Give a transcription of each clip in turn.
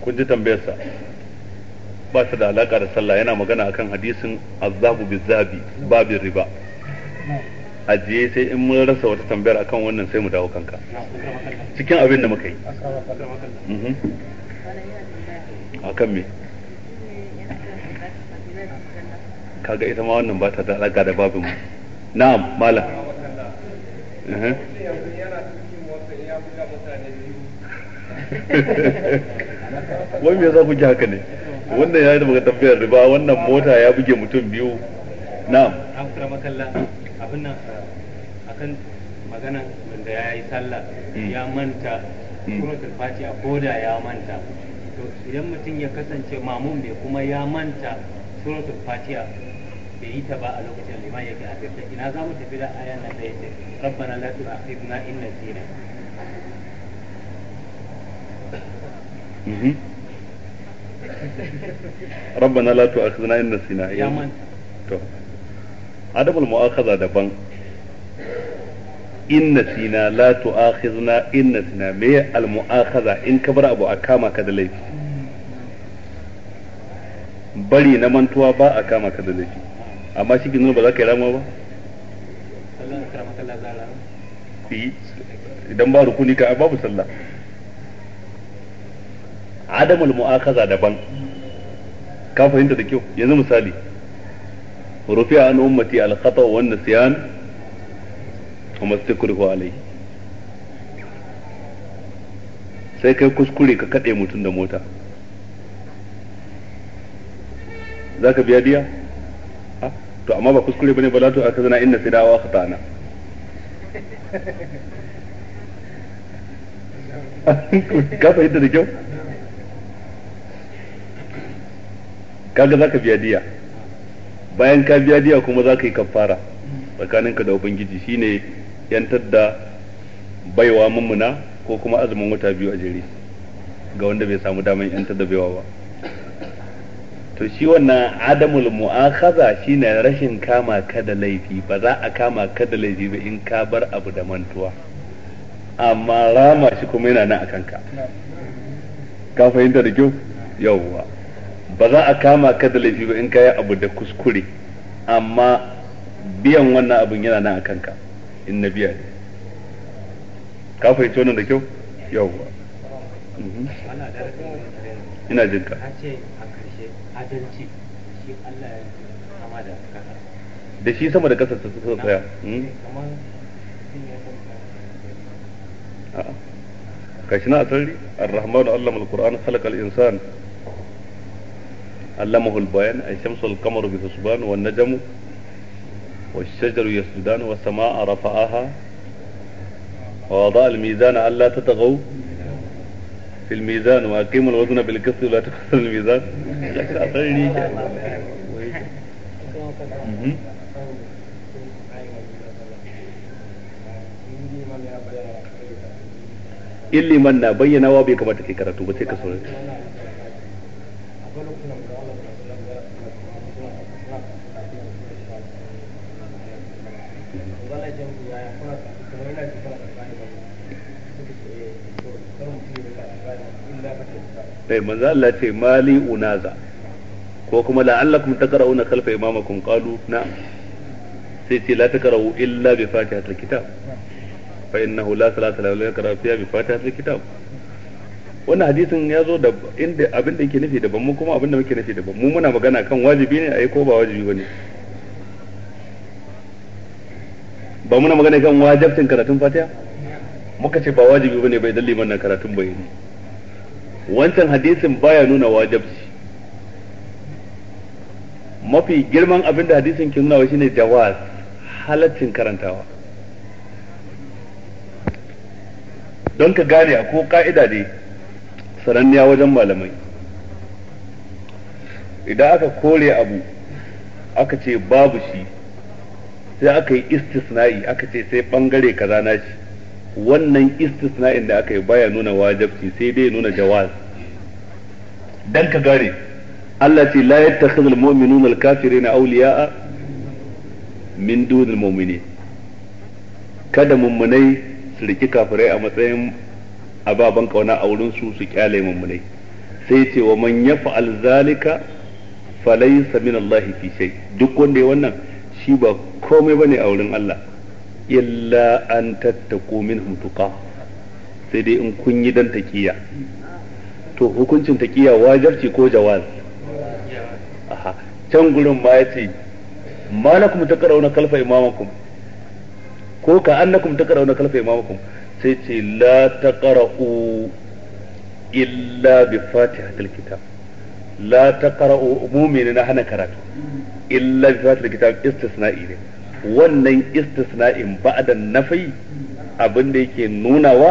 kun ji tambayarsa ba su da alaka da sallah yana magana akan hadisin azabu zabi babin riba ajiye sai in mun rasa wata tambayar akan wannan sai mu dawo kanka cikin abin da muka yi mhm. akan me kaga ita ma wannan ba ta da alaka da babin mu na'am malam mhm. wai me za ku ji haka ne wannan ya yi daga tambayar riba wannan mota ya buge mutum biyu na'am an kura makalla abin nan akan magana wanda ya yi sallah hmm. ya manta hmm. kuma sulfati a koda ya manta to idan mutum ya kasance mamun bai kuma ya manta suratul fatiha bai yi ta ba a lokacin liman yake a ina za mu tafi da ayan nan da yake rabbana la tu'akhidna in nasina Mhm. rabbana la tu'akhidhna in in nasina la me al mu'akhadha in ka bar abu a kama ka da laifi bari na mantuwa ba a kama ka da laifi amma shi ginin ba za ka yi rama ba idan ba rukuni ka babu salla. adamul mu'akaza daban ka fahimta da kyau yanzu misali rufi'a an ummati al khata wa nisyan wa mastakrihu alai sai kai kuskure ka kade mutum da mota zaka biya diya to amma ba kuskure bane ba la to aka zana inna sidawa khata'na ka fahimta da kyau kaga zaka biya diya bayan ka biya diya kuma zaka yi kafara tsakaninka da ubangiji shine yantar da baiwa mummuna ko kuma azumin wata biyu a jere ga wanda bai samu daman yantar da baiwa ba to shi wannan adamul mu'akhadha shine rashin kama ka da laifi ba za a kama ka da laifi ba in ka bar abu da mantuwa amma rama shi kuma yana nan a kanka ka fahimta da kyau yawwa ba za a kama ka da laifi ba in ka yi abu da kuskure amma biyan wannan abin yana nan a kanka in na biya ne ka fahimci wannan da kyau yawwa mhm. ina jin ka da shi sama da kasa ta sassa tsaya kashi na mhm. eh, asali ar Allah allama al-qur'an khalaqa al-insan علمه البيان الشمس والقمر بحسبان والنجم والشجر يسجدان والسماء رفعها ووضع الميزان ألا تطغوا في الميزان وأقيموا الوزن بالقسط ولا تخسر الميزان illiman من بينا وابي كما تكي كرتو ba sai Eh, sai eh, manzo Allah ce mali unaza ko kuma la'allakum taqra'una khalfa imamakum qalu na sai ce la taqra'u illa bi fatihatil kitab fa innahu la salata lahu yaqra'u fiha bi fatihatil kitab wannan hadisin ya zo da inda abin da yake nufi daban mu kuma abin da muke nufi daban mu muna magana kan wajibi ne ayi ko ba wajibi bane ba muna magana kan wajabcin karatun fatiha muka ce ba wajibi bane bai dalli mannan karatun bai ne wancan hadisin baya nuna wajabci mafi girman abin da hadisin ke nuna shine jawaz halaccin karantawa don ka gane a ko ka'ida ne sananniya wajen malamai idan aka kore abu aka ce babu shi sai aka yi istisna'i aka ce sai bangare kaza na shi wannan istisna'in da aka yi baya nuna wajabci sai dai nuna jawaz dan ka gare Allah ce la yattakhidhul mu'minuna al-kafirina awliya'a min dunil mu'minin kada mummunai su riki kafirai a matsayin ababan kauna a wurin su su kyale mummunai sai ce wa man yaf'al zalika falaysa min Allah fi shay duk wanda ya wannan shi ba komai bane a wurin Allah illa an tattako minhum tuqa sai dai in kun yi dan taqiya to hukuncin taqiya wajibi ko jawaz aha can gurin ma yace malakum taqrauna kalfa imamakum ko ka annakum taqrauna kalfa imamakum sai ce la taqra'u illa bi fatihatil kitab la taqra'u umumi na hana karatu illa bi fatil kitab istisna'i ne wannan istisna'in ba'da nafi abin da yake nunawa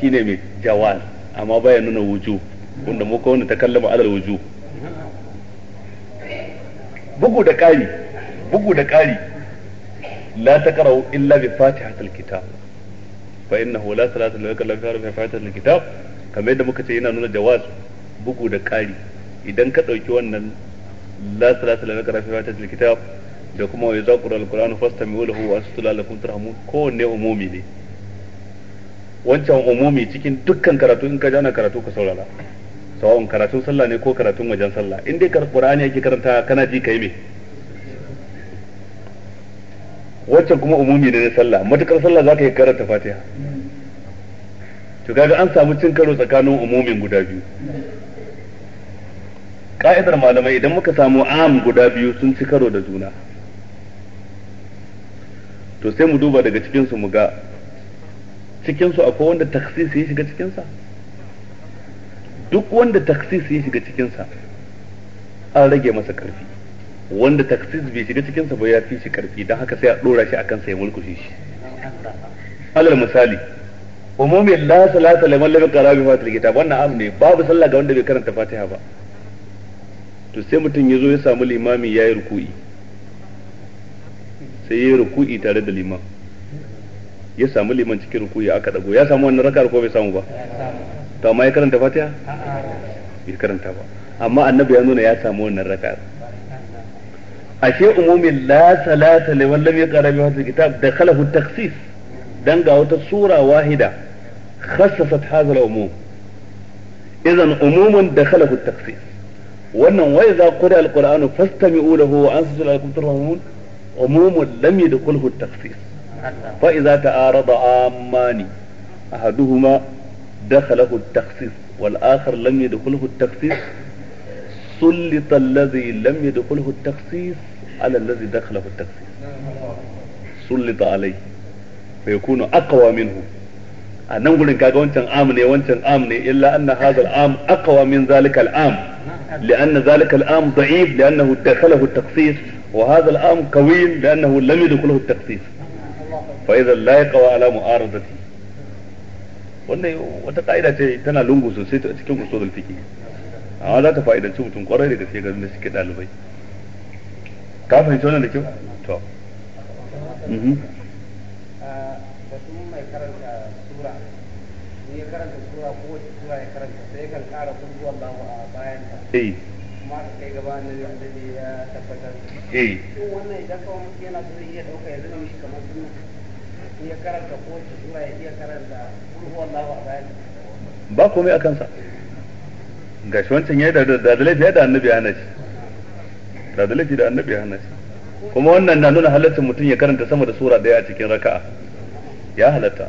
shine mai jawaz amma baya nuna wuju wanda mu ko ta kallama alal wuju bugu da ƙari bugu da ƙari la taqra'u illa bi fatihatil kitab fa innahu la salata lillahi illa bi fatihatil kitab kamar yadda muka ce yana nuna jawaz bugu da ƙari idan ka ɗauki wannan la salata lana kara fi fatatil kitab da kuma wa idza qura alquran fastami'u lahu wa astu lalakum turhamun kowanne umumi ne wancan umumi cikin dukkan karatu in ka jana karatu ka saurara sawa'un karatun sallah ne ko karatun wajen sallah inda dai qur'ani yake karanta kana ji kai me wancan kuma umumi ne na sallah matukar sallah zaka yi karanta fatiha to kaga an samu cin karo tsakanin umumin guda biyu ka'idar malamai idan muka samu am guda biyu sun ci karo da juna to sai mu duba daga cikinsu mu ga cikinsu akwai wanda taksis ya shiga cikinsa duk wanda taksis ya shiga cikinsa an rage masa karfi wanda taksis bai shiga cikinsa ba ya fi shi karfi don haka sai a dora shi akan sai mulkushe shi alal misali umumin la salata liman lam yaqra bi fatiha wannan am ne babu sallah ga wanda bai karanta fatiha ba to sai mutum ya zo ya samu limami ya yi ruku'i sai ya yi ruku'i tare da liman ya samu liman cikin ruku'i aka dago ya samu wannan rakar ko bai samu ba to amma ya karanta fatiha bai karanta ba amma annabi ya nuna ya samu wannan rakar ashe umumin la salata wallam ya qara bi hadhihi kitab da khalahu takhsis dan ga wata sura wahida khassasat hadha al-umum idan umumun da khalahu takhsis wannan wai za qura alqur'anu fastami'u lahu wa ansitu la'allakum turhamun umum lam yadkhulhu at-takhsis fa iza ta'arada amani ahaduhuma dakhalahu at-takhsis wal akhar lam yadkhulhu at lam سلط الذي لم ala alladhi على الذي دخله sulita alayhi fa yakunu aqwa minhu a nan gurin kaga wancan am ne wancan am ne illa anna hadha al-am aqwa min zalika al-am لأن ذلك العام ضعيف لأنه دخله التخصيص وهذا العام قوي لأنه لم يدخله التخصيص فإذا لا يقوى على معارضته wannan wata ka'ida ce tana lungu sosai a cikin usulul fiqh amma za ta fa'idanci mutum kwarai da gaske ga da suke dalibai ka fahimci wannan da kyau to mhm mai karanta sura in ya karanta sura ko wace sura ya karanta sai kan kara kun zuwa Allahu a bayan ta eh kuma ka kai gaba na annabi ya tabbatar eh shin wannan idan kawai mutum yana da zai iya dauka ya zama mishi kamar sunna in ya karanta ko wace sura ya iya karanta kun zuwa Allahu a bayan ta ba komai a kansa shi wancan ya da da laifi da annabi ana shi da da laifi da annabi ana shi kuma wannan na nuna halaccin mutum ya karanta sama da sura daya a cikin raka'a ya halatta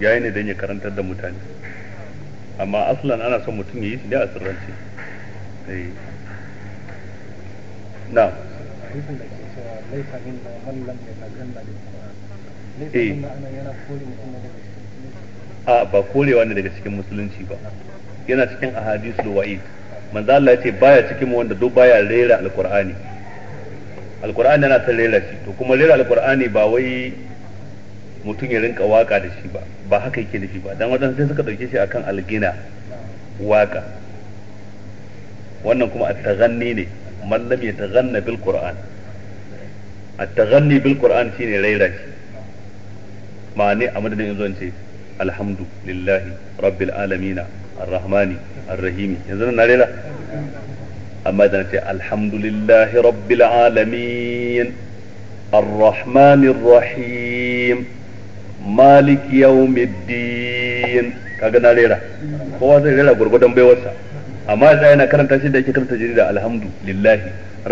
yayi ne don ya karantar da mutane amma aslan ana son mutum ya yi su ne a sirrance eh. eh. na a ba korewa ne daga cikin musulunci ba yana cikin ahadisul wai manzo Allah ya ce baya cikin wanda duk baya rera alkur'ani alkur'ani yana ta rera shi to kuma rera alkur'ani ba wai mutum ya rinka waka da shi ba ba haka yake shi ba dan waɗansu sai suka ɗauke shi akan algina waka wannan kuma at-taghanni ne man lam yataghanna bil qur'an at-taghanni bil qur'an shine raira shi ma'ani a madadin yanzu ce alhamdu lillahi rabbil alamin ar-rahmani ar-rahim yanzu na raira amma da ce alhamdu alhamdulillahi rabbil alamin الرحمن الرحيم malik yawmiddin kaga na rera kowa zai rera gurgudan baiwarsa amma yasa yana karanta shi da yake karanta jarida alhamdulillahi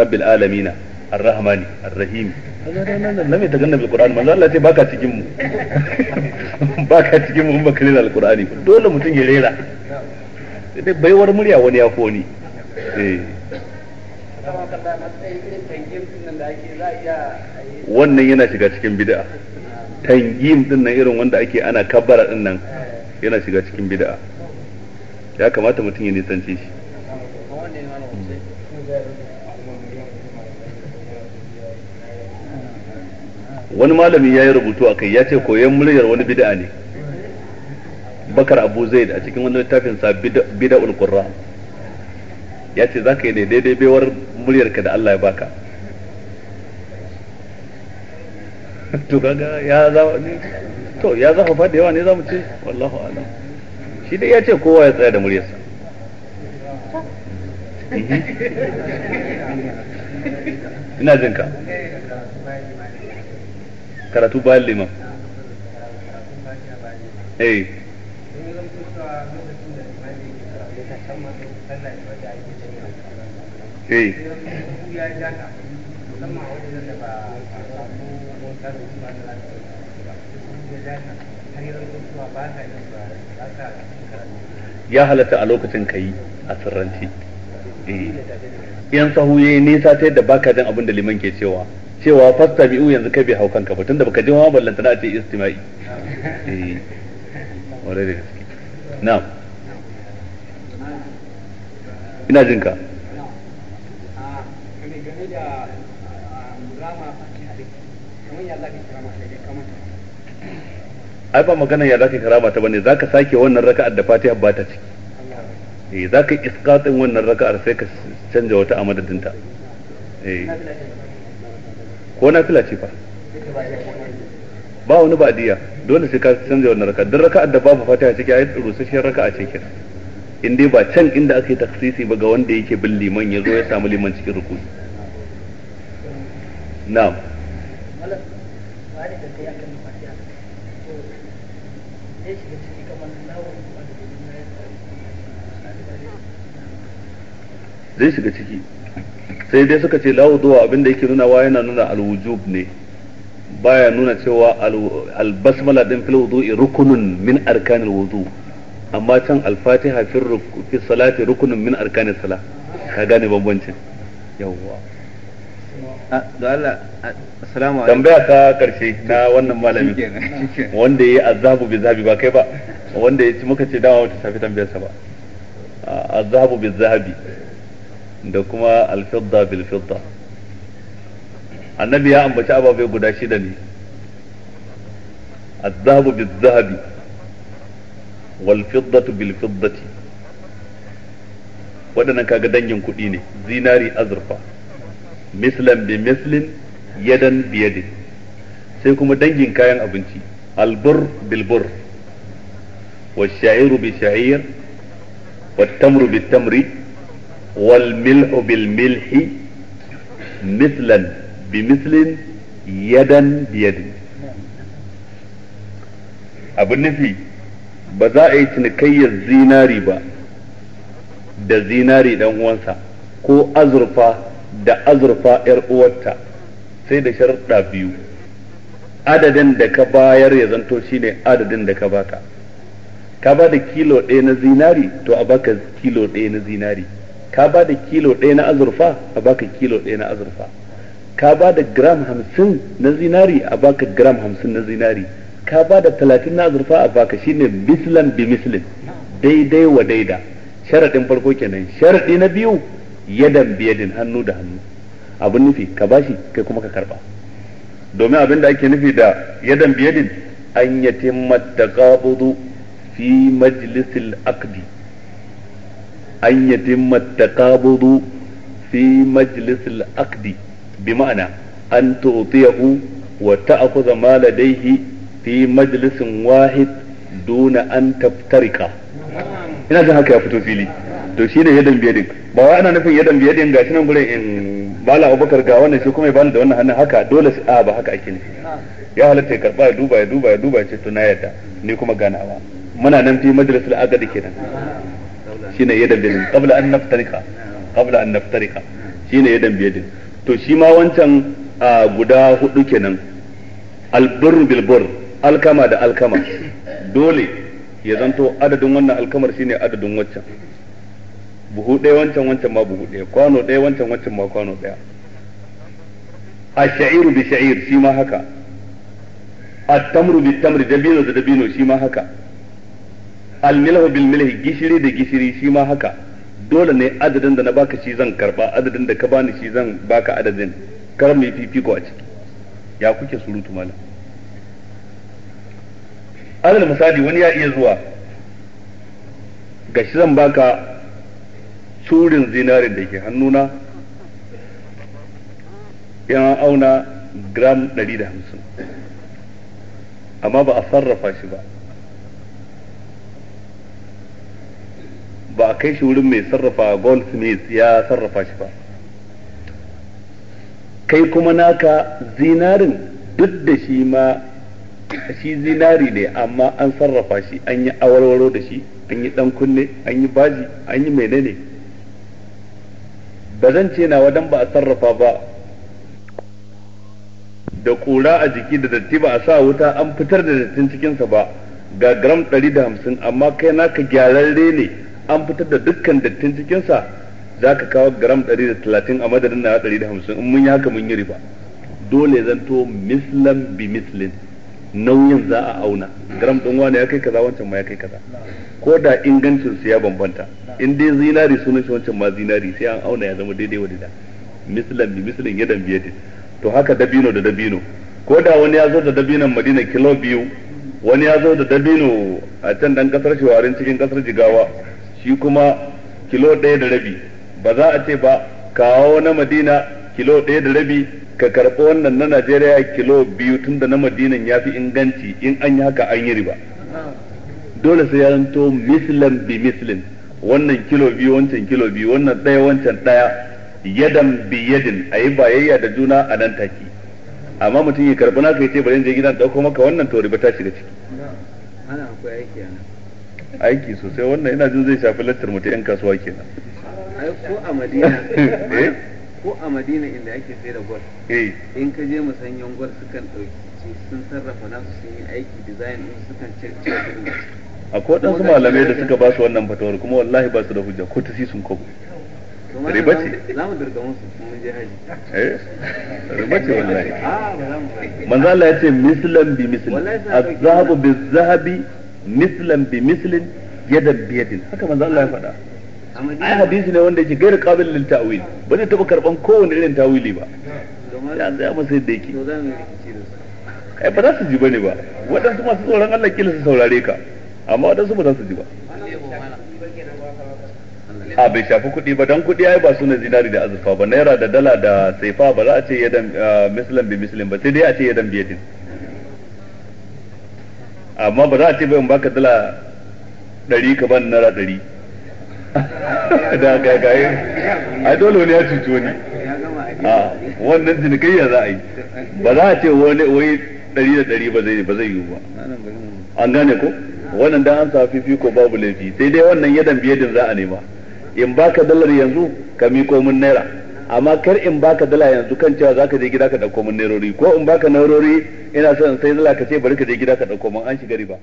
rabbil alamin arrahmani arrahim lamai ta ganna bilqur'ani manzo Allah ya ce baka cikin mu baka cikin mu baka rera alqur'ani dole mutum ya rera sai baiwar murya wani ya foni eh. wannan yana shiga cikin bid'a tangin din nan irin wanda ake ana kabbara din nan yana shiga cikin bid'a ya kamata mutum ya nisance shi wani malami ya yi rubutu a kai ya ce koyon muryar wani bid'a ne bakar abu zaid a cikin wani littafin sa bid'ul qurra ya ce za ka yi daidai muryar muryarka da Allah ya baka to kaga ya za to ya za fa da yawa ne za mu ce wallahu alam shi dai ya ce kowa ya tsaya da muryarsa mhm. ina jin ka karatu bayan liman eh eh ya halatta a lokacin kayi a sirranci eh. yan sahu yi nisa ta yadda baka jin abin da liman ke cewa cewa fasta bi'u yanzu kai bai hau kanka ba tunda baka ji ma ballanta na ce istima'i eh da gaske na'am ina jinka a da ai ba magana ya zaka karama ta bane zaka sake wannan raka'ar da Fatiha ba ta ciki eh zaka isqatin wannan raka'ar sai ka canja wata a madadin ta eh ko na fila ce fa ba wani badiya dole sai ka canza wannan raka'ar duk raka'ar da babu Fatiha ciki ai rusasshiyar raka'a ce kenan in dai ba can inda aka yi taksisi ba ga wanda yake bin liman ya zo ya samu liman cikin rukuni na'am zai shiga ciki sai dai suka ce zuwa abinda yake nuna wa yana nuna alwujub ne baya nuna cewa albasmala din fil wudu'i rukunun min arkanil wudu amma can alfatiha fi salati rukunun min arkanis sala ka gane bambancin yawwa Ah, ah, tambaya ta karshe ta wannan malamin wanda ya yi azabu bi zabi ba kai ba wanda ya ci muka ce dawa wata tafi tambayar sa ba ah, azabu bi zabi da kuma alfidda bil fidda annabi ya ambaci ababai guda shida ne azabu bi zabi wal fiddatu bil fiddati waɗannan kaga dangin kuɗi ne zinari azurfa mislan bi mislin yadan bi yadin sai kuma dangin kayan abinci albur bil bur wa sha'iru bi sha'ir wa tamru bi tamri wal milhu bil milhi mislan bi mislin yadan bi yadin abin nufi ba za a yi cinikayyar zinari ba da zinari dan uwansa ko azurfa da azurfa yar uwarta sai da sharuɗa biyu adadin da ka bayar ya zanto shine adadin da ka baka ka ba da kilo ɗaya na zinari to a baka kilo ɗaya na zinari ka ba da kilo ɗaya na azurfa a baka kilo ɗaya na azurfa ka ba da gram hamsin na zinari a baka gram hamsin na zinari ka ba da talatin na azurfa a baka shine mislan bi mislin daidai wa daida sharaɗin farko kenan sharaɗi na biyu yadan biyadin hannu da hannu abin nufi ka bashi kai kuma ka karba domin abin da ake nufi da yadan biyadin an yatimma taqabudu fi majlisil aqdi an fi majlisil aqdi bi ma'ana an tu'tiyahu wa ta'khudha ma ladayhi fi majlisin wahid duna an taftarika ina jin haka ya fito fili to shi ne yadan biyadin ba wai ana nufin yadan biyadin gashi nan gure in bala abubakar ga wannan shi kuma ya bani da wannan hannun haka dole su a ba haka ake nufi ya halatta ya karba ya duba ya duba ya duba ce to na yadda ni kuma ganawa muna nan fi majalisar agadi kenan ne yadan biyadin kabla an naftarika kabla an naftarika shi ne yadan biyadin to shi ma wancan guda hudu kenan albur bilbur alkama da alkama dole ya zanto adadin wannan alkamar shine adadin waccan buhu ɗaya wancan wancan ma buhu ɗaya kwano ɗaya wancan wancan ma kwano ɗaya a sha'iru bi sha'ir shi ma haka a tamru bi tamri dabino da dabino shi ma haka al milhu bil milhi gishiri da gishiri shi ma haka dole ne adadin da na baka shi zan karba adadin da ka bani shi zan baka adadin kar mu fifiko a ciki ya kuke surutu malam alal misali wani ya iya zuwa gashi zan baka curin zinarin da ke hannuna yana auna gram 150 amma ba a sarrafa shi ba ba a kai shi wurin mai sarrafa goldsmith ya sarrafa shi ba kai kuma naka zinarin duk da shi ma shi zinari ne amma an sarrafa shi an yi awarwaro da shi an yi dan kunne an yi baji an yi menene ne ba zan ce na wadan ba a sarrafa ba da kura a jiki da datti ba a sa wuta an fitar da dattin cikinsa ba ga gram 150 amma kai naka gyararre ne an fitar da dukkan dattin cikinsa za ka kawo gram 130 a madadin na 150 in mun yi haka mun yi riba dole zanto mislan bi mislin nauyin za a auna gram ɗin wani ya kai kaza wancan ma ya kai kaza ko da ingancin su ya bambanta in dai zinari sunan shi wancan ma zinari sai an auna ya zama daidai wadda mislan bi mislin yadan din to haka dabino da dabino ko da wani ya zo da dabinon madina kilo biyu wani ya zo da dabino a can dan kasar shawarin cikin kasar jigawa shi kuma kilo ɗaya da rabi ba za a ce ba kawo na madina kilo ɗaya da rabi ka karɓi wannan na Najeriya kilo biyu tun da na Madinan ya fi inganci in an yi haka an yi riba dole sai ya zanto mislin bi mislin wannan kilo biyu wancan kilo biyu wannan ɗaya wancan ɗaya yadan bi yadin a yi bayayya da juna a nan take amma mutum ya karɓi naka ya ce bari je da ɗauko maka wannan to riba ta shiga ciki aiki aiki sosai wannan ina jin zai shafi lattar mutum yan kasuwa kenan ai ko a madina eh? ko a madina inda ake sai da gwal eh. in ka je musanyen gwal sukan ɗauki sun sarrafa nasu sun yi aiki design din sukan cire A akwai su malamai da suka ba su wannan fatawar kuma wallahi ba su da hujja ko ta sun kwabo riba ce za mu durga musu mun je haji eh riba ce wallahi ah, manzo Allah ya ce mislan bi mislin az-zahabu biz-zahabi mislan bi mislin yadan bi yadin haka manzo Allah ya faɗa ai hadisi ne wanda yake gairu kabil lil ta'wil ba zai taba karban kowane irin tawili ba ya amma sai da yake ai ba za su ji bane ba waɗansu masu tsoron Allah kila su saurare ka amma waɗansu ba za su ji ba a bai shafi kuɗi ba don kuɗi ai ba suna zinari da azurfa ba naira da dala da saifa ba za a ce yadan muslim bi muslim ba sai dai a ce yadan biyadin. amma ba za a ce bai baka dala ɗari ka ban naira ɗari da gagaye eh. ai dole wani ya cuci wani a ah, wannan cinikayya za a yi ba za a ce wani wai ɗari da ɗari ba zai ba zai yiwu ba an gane ko wannan dan an sa ko babu laifi sai dai wannan yadan biyadin za a nema in baka dalar yanzu ka miko min naira amma kar in baka dala yanzu kan cewa zaka je gida ka dauko min nairori ko in baka nairori ina son sai dala ka ce bari ka je gida ka dauko min an shiga riba